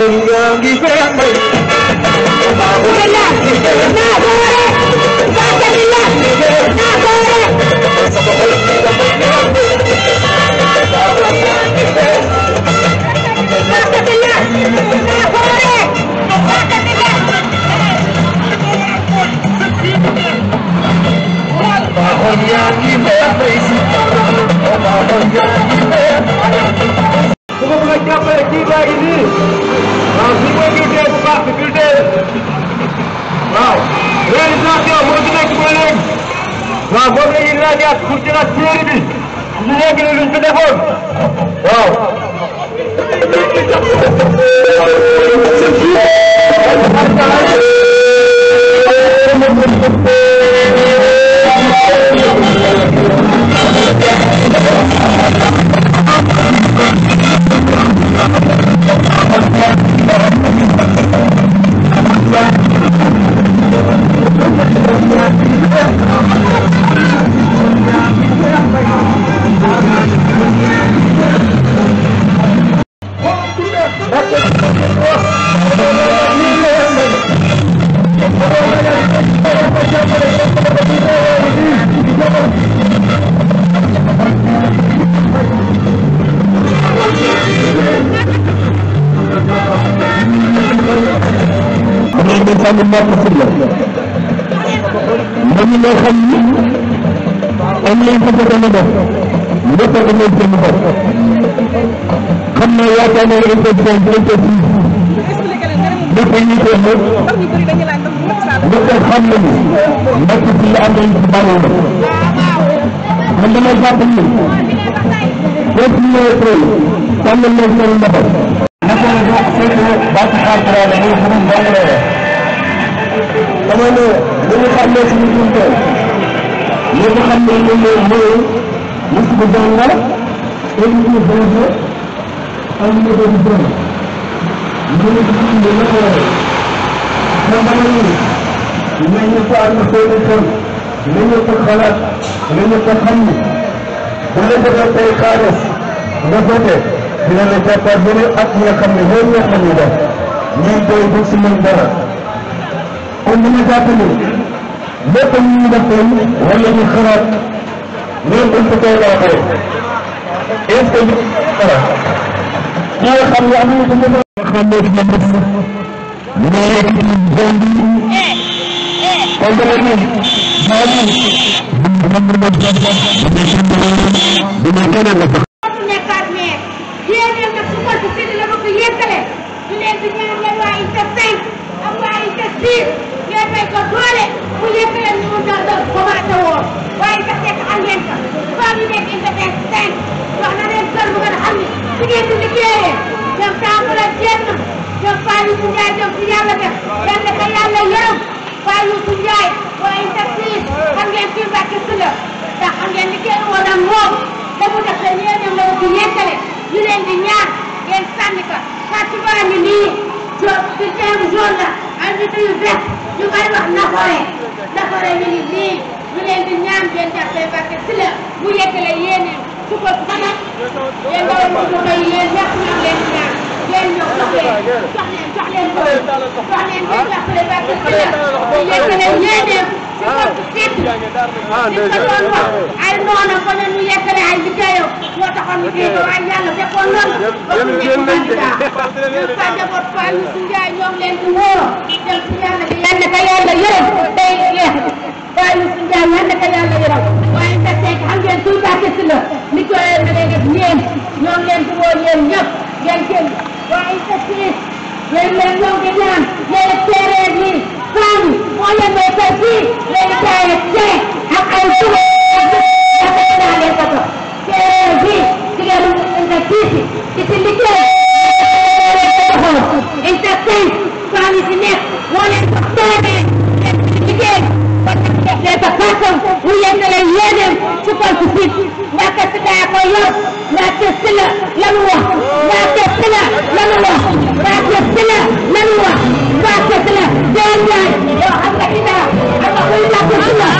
baaxul yaa ngi teggali luñ fi defoon waaw. Thank you. Sane Mbacke Sylla ñooñu ñoo xam ni am nañ ko fa gën a def lépp a gën a seen bopp xam naa yaakaar naa ne dañuy dégg mbokk xam nañu mbokk ci li am nañu ci bariwul man damay jàpp ni boo ci ñëwee trop tànn nañ seen ndoxam. naka la ñu fekkee bàcc xaar ci raadu muy xamul ndong la dama ne li ñu xam ne suñu jumte li nga xam ne moom mooy mooy musiba jàngal ak musiba jàngal ak musiba mënuñu si suñu mën a woote. nañu ko am seen xel nañu ko xalaat nañu ko xam ni bu la defee tey xaalis nga voté dina la jàppaat beneen at nga xam ne loolu nga xam ne def ñuy doy ba si mën dara. kon dina jàpp ni lépp lu ñu defoon wala ñu xalaat ñoom dañ ko koy waxee est-ce que li nga xam ne am na خلوت مدرسة ملائكة الزنبي قدرني جاني بمجرد مدرسة بمجرد مدرسة بمجرد مدرسة Yeah. Cheikh Saamu la jenn jox Paa Youssou Ndiaye jox si yàlla def yal na ko yàlla yërëm Paa Youssou Ndiaye waaye itam fii xam ngeen fii Mbàkke si la ndax xam ngeen ni kenn wala moom ba mu def la ñëw ñoom la ko yeggale ñu leen di ñaan ngeen sànni ko Fatou Ba ngi nii jo bulletin bu jaune la ak bulletin yu vert ñu koy wax Nafoore Nafoore mi ngi nii ñu leen di ñaan ngeen jàppee Mbàkke si la mu yeggale yéen su ko xanaa yéen loolu ñu koy yéen ñax ñoom leen leen ñëw jox leen jox leen jox leen loolu jox leen ngeen jàppale parce que xëy na yeggaleen ñeeneen si kooku képp si ko doon wax ay noona ko ne ñu yeggale ay liggéeyam moo taxoon ñu dégg waaye yàlla defoon loolu ba mu nekk candidat ñun sa njaboot fa ñu si njaay ñoom leen di wóor jël si yàlla bi yàlla ka yàlla yërëm day yeex waaye ñu si njaay yàlla ka yàlla yërëm waaye sa seeg xam ngeen suy bàkke si la ni ko na leen def ñeen ñoom leen di wóor ñeen ñëpp ngeen waaye sax si léegi nag ñoom di ñaan léegi séeréer yi fànn moo leen doon fay fii léegi taay ak ay suba ak ak ay naanee ko ko séeréer bi jigéen ñi nga tiisi ci si liggéey entertain fànn yi si nekk moo leen ko séeréer liggéey ba tax de sa façon mu yëg na la yéeneem ci kon si ndax kat daa ko yor Mbacké Sylla lanu wax Mbacké Sylla lanu wax Mbacké Sylla lanu wax Mbacké Sylla déedéet yow xam nga ci dara xam nga kuy Mbacké Sylla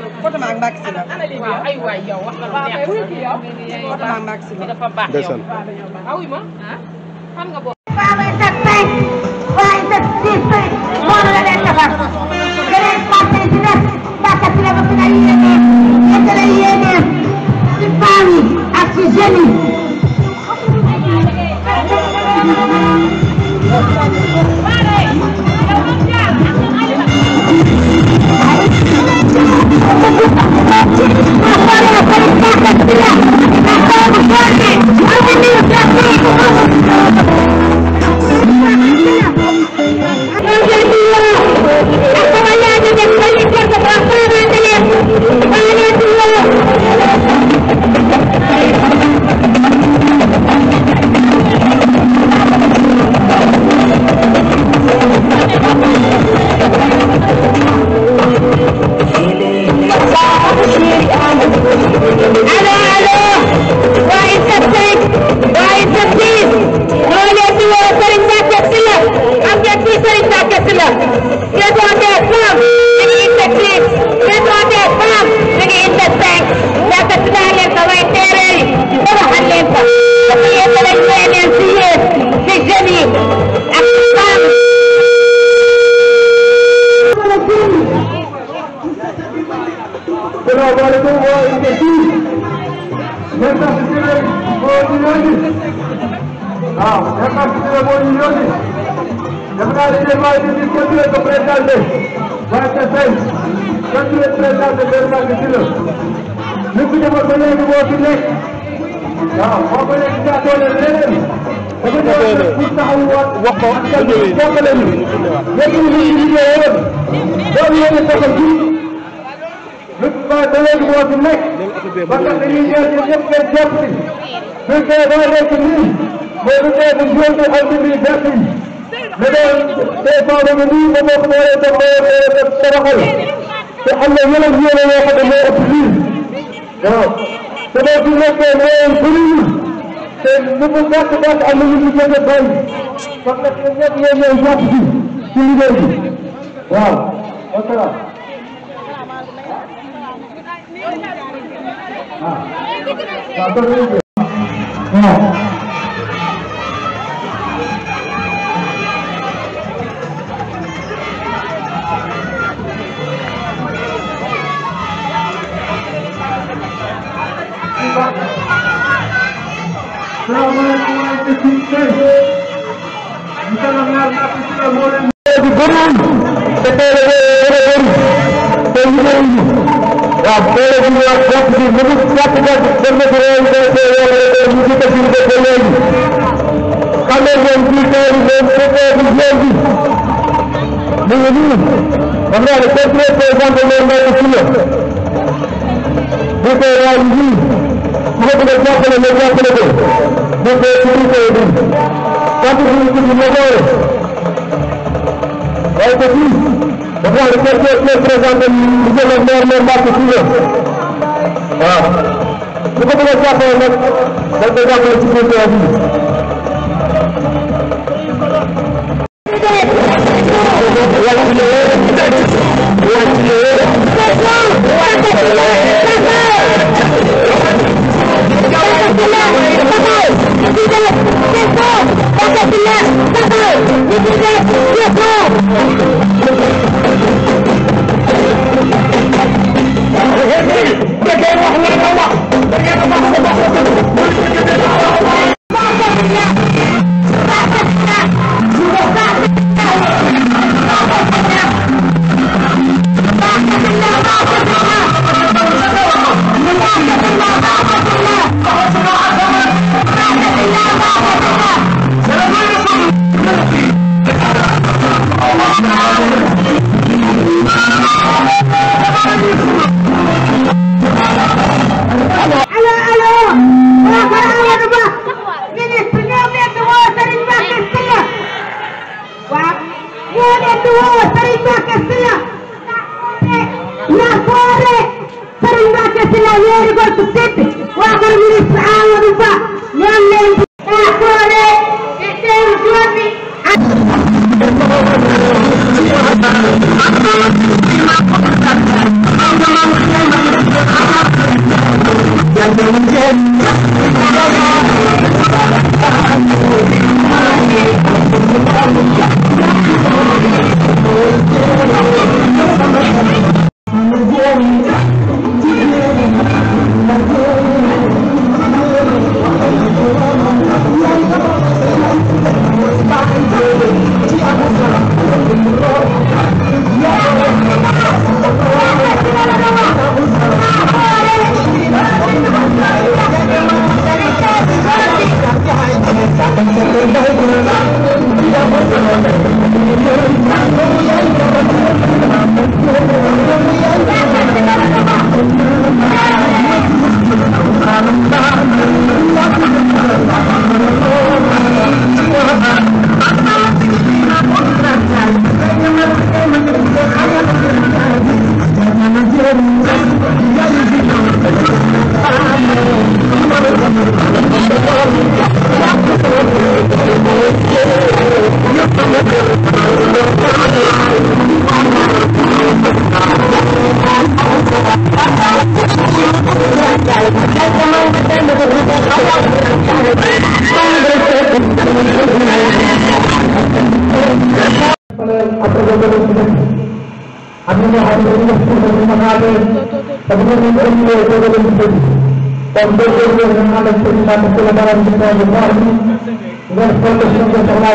foto ma ak Mbacke Sylla waaw ay waay yow wax nga lu neex nga boo doole bi boo fi nekk waaw boo ko nekk daa doole leneen dafa doole pour taxawu waat wax ko jàppale ñu léegi ñu ngi liggéey woon doon yéene koko ji lu ba doole bi boo fi nekk ba tax dañuy jël ci ñëpp ngeen jàpp si bu fekkee doo nekk nii boo ko tee bu jóor bi am bi jàpp yi ne doon tey faaw ba nii ba bokk boo leen ko boo leen ko tabaxal te am na yeneen yéene yoo xam ne moo ëpp lii waaw te boo fi nekkee mooy commune te lu mu gàtt gàtt am na ñu ñu gën a bàyyi kon nag ñun ñëpp ñoo ñëw jàpp ci ci liggéey bi waaw wasalaam. waaw waaw. bëriwul te teel a bëri te liggéey bi waaw teel a ji wax gàtt bi lu mu gàtt gàtt dem na ci réew mi te yàlla tey ñu ci tëj bi ba léegi xamee ngeen fii teel ngeen ko teel bi ngeen bi mu ngi nii xam naa ne contre président de l' Ndeye Sylla bu ko waay yii ku ko bëgg a jàppale nga jàppale ko bu ko ci biir kër bi. waaye te fii dafa am lu ñu koy présenté monsieur le maire maire Mbacke Sylla waaw su ko bëggee jàppale nag dañ koy jàppale ci biir dafa mel ni dañ koy doog a dem ci dëkk kon boo ko doon ñu ànd ak seen sàmm ci la dara ñu doon baax ni nga xool ko suñu soxla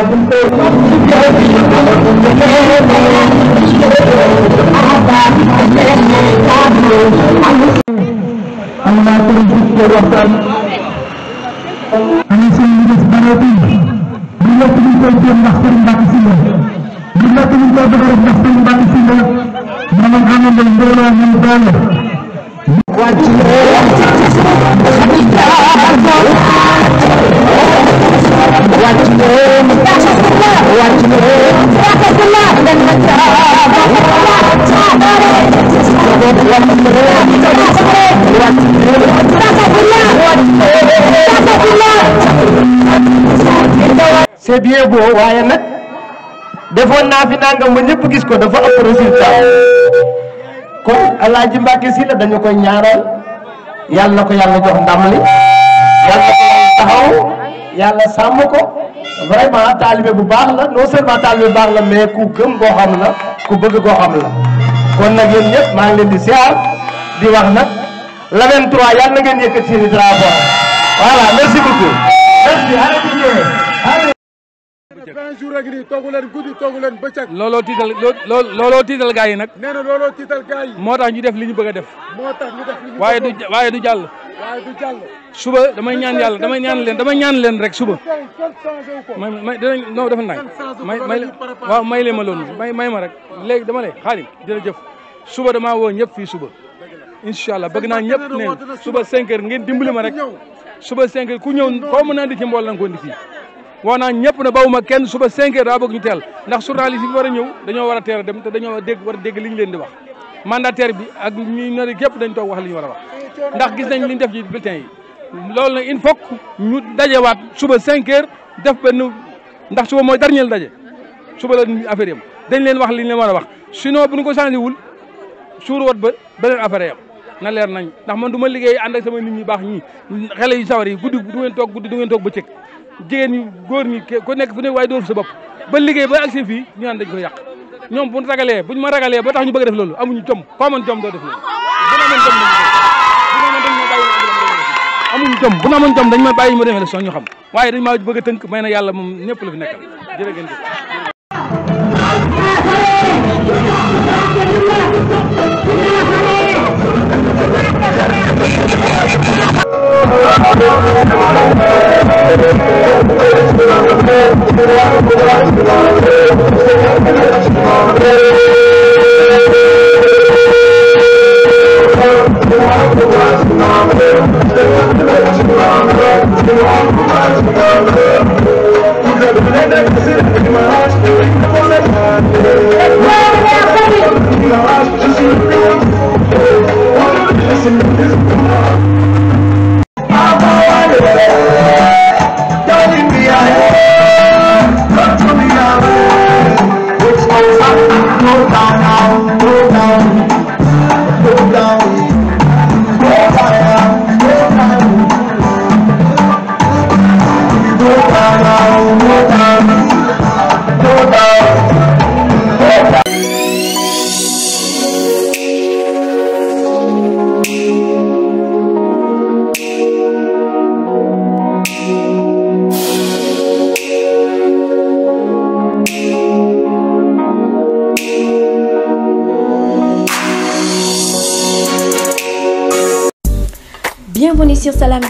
ci ko am naa ko ci ko waxtaan am seen ñu def barati bu lekk ñu koy jëm ndax sëriñ Mbacke si la bu lekk ñu koy dëgër ndax sëriñ Mbacke si la dama amal mbooloo ñu doole c'est bien beau waaye nag defoon naa fi nangam ba ñëpp gis ko dafa am résultat kon ji Mbàkke si la dañu koy ñaaral yàlla na ko yàlla jox ndam li yàlla ko yàlla taxaw yàlla sàmm ko vraiment taalibe bu baax la non seulement taalibe bu baax la mais ku gëm goo xam la ku bëgg goo xam la kon nag yéen ñëpp maa ngi leen di siyaar di wax nag le 23 yàlla na ngeen yëkkati seen i drapeau voilà merci beaucoup merci vingt jours rek nii toogu leen guddi toogu leen bëccëg looloo tiital looloo tiital gars yi nag nee na looloo tiital gars yi moo tax ñu def li ñu a def moo tax ñu def waaye du waaye du jàll waaye du jàll suba damay ñaan yàlla dama ñaan leen dama ñaan leen rek suba may may dinañ non dafa nag may may waaw may leen ma loolu may may ma rek léegi dama lay xaalim jërëjëf suba damaa woo ñëpp fii suba incha allah bëgg naa ñëpp neen suba cinq heures ngeen dimbali ma rek suba cinq heures ku ñëw koo mën naa di ci mbool la nga ko indi woo naa ñëpp ne bawuma kenn suba 5 heures daa bëgg ñu teel ndax journaliste yi war a ñëw dañoo war a teel dem te dañoo war a dégg war a dégg li leen di wax mandataire bi ak ñi ne képp dañ toog wax li war a wax ndax gis nañ li ñu def ci bulletin yi loolu na il faut ñu daje waat suba 5 heures def benn ndax suba mooy dar dernier daje suba la affaire yam dañ leen wax li ñu leen war a wax sinon bu ñu ko changé wul suur wot ba beneen affaire yam na leer nañ ndax man du ma liggéey ànd sama nit ñi baax ñi xale yu sawar yi guddi du ngeen toog guddi du ngeen toog bëccëg jigéen ñi góor ñi ku nekk fu ne waaye door fu sa bopp ba liggéey ba agsi fii ñu naan dañ ko yàq ñoom buñ ragalee buñ ma ragalee ba tax ñu bëgg def loolu amuñu jom ko amoon jom doo def loolu bu amoon jom amuñu jom dañ ma bàyyi ma dem élection ñu xam waaye dañ maa bëgg tënk may na yàlla moom ñëpp la fi nekkal jërë ngeen jëf Thank you. sur Salam